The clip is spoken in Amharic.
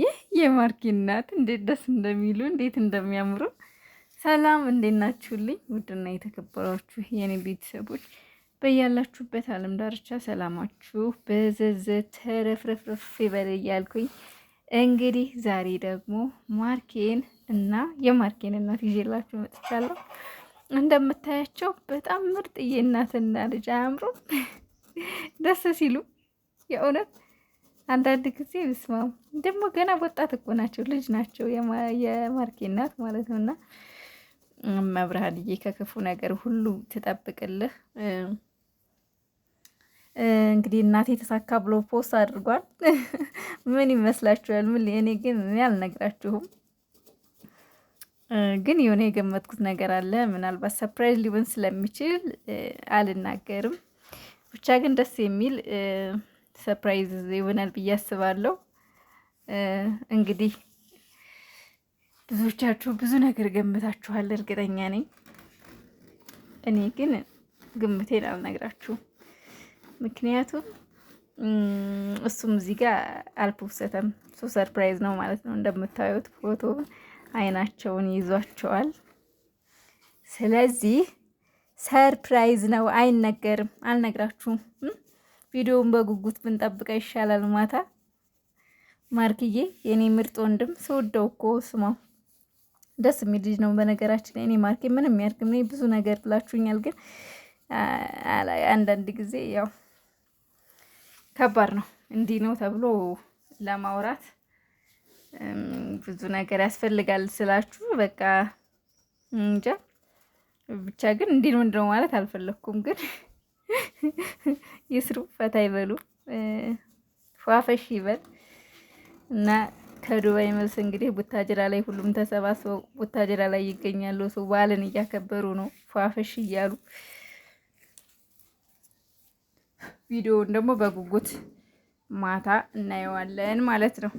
ይህ የማርኪ እናት እንዴት ደስ እንደሚሉ እንዴት እንደሚያምሩ። ሰላም እንዴት ናችሁልኝ? ውድና የተከበራችሁ የኔ ቤተሰቦች በያላችሁበት ዓለም ዳርቻ ሰላማችሁ በዘዘ ተረፍረፍረፍ ይበል እያልኩኝ እንግዲህ ዛሬ ደግሞ ማርኬን እና የማርኬን እናት ይዤላችሁ መጥቻለሁ። እንደምታያቸው በጣም ምርጥዬ እናትና ልጅ አያምሩም? ደስ ሲሉ የእውነት አንዳንድ ጊዜ ብስማም ደግሞ ገና ወጣት እኮ ናቸው፣ ልጅ ናቸው። የማርኬ እናት ማለት ነው። እና መብርሃንዬ ከክፉ ነገር ሁሉ ትጠብቅልህ። እንግዲህ እናቴ የተሳካ ብሎ ፖስት አድርጓል። ምን ይመስላችኋል? ምን እኔ ግን እኔ አልነግራችሁም፣ ግን የሆነ የገመትኩት ነገር አለ። ምናልባት ሰፕራይዝ ሊሆን ስለሚችል አልናገርም። ብቻ ግን ደስ የሚል ሰርፕራይዝ ይሆናል ብዬ አስባለሁ። እንግዲህ ብዙዎቻችሁ ብዙ ነገር ገምታችኋል፣ እርግጠኛ ነኝ። እኔ ግን ግምቴን አልነግራችሁ ምክንያቱም እሱም እዚህ ጋር አልፖሰተም። እሱ ሰርፕራይዝ ነው ማለት ነው። እንደምታዩት ፎቶ አይናቸውን ይዟቸዋል። ስለዚህ ሰርፕራይዝ ነው፣ አይነገርም፣ አልነግራችሁም። ቪዲዮውን በጉጉት ብንጠብቀ ይሻላል። ማታ ማርክዬ የኔ ምርጥ ወንድም ስወደው እኮ ስማው ደስ የሚል ልጅ ነው። በነገራችን ላይ እኔ ማርኬ ምንም የሚያርግም እኔ ብዙ ነገር ብላችሁኛል፣ ግን አንዳንድ ጊዜ ያው ከባድ ነው። እንዲህ ነው ተብሎ ለማውራት ብዙ ነገር ያስፈልጋል ስላችሁ በቃ እንጃ ብቻ ግን እንዲህ ነው ማለት አልፈለኩም ግን ይስሩ፣ ፈታ ይበሉ፣ ፏፈሽ ይበል እና ከዱባይ መልስ እንግዲህ ቡታጅራ ላይ ሁሉም ተሰባስበው ቡታጅራ ላይ ይገኛሉ። ሰው በዓልን እያከበሩ ነው፣ ፏፈሽ እያሉ ቪዲዮውን ደግሞ በጉጉት ማታ እናየዋለን ማለት ነው።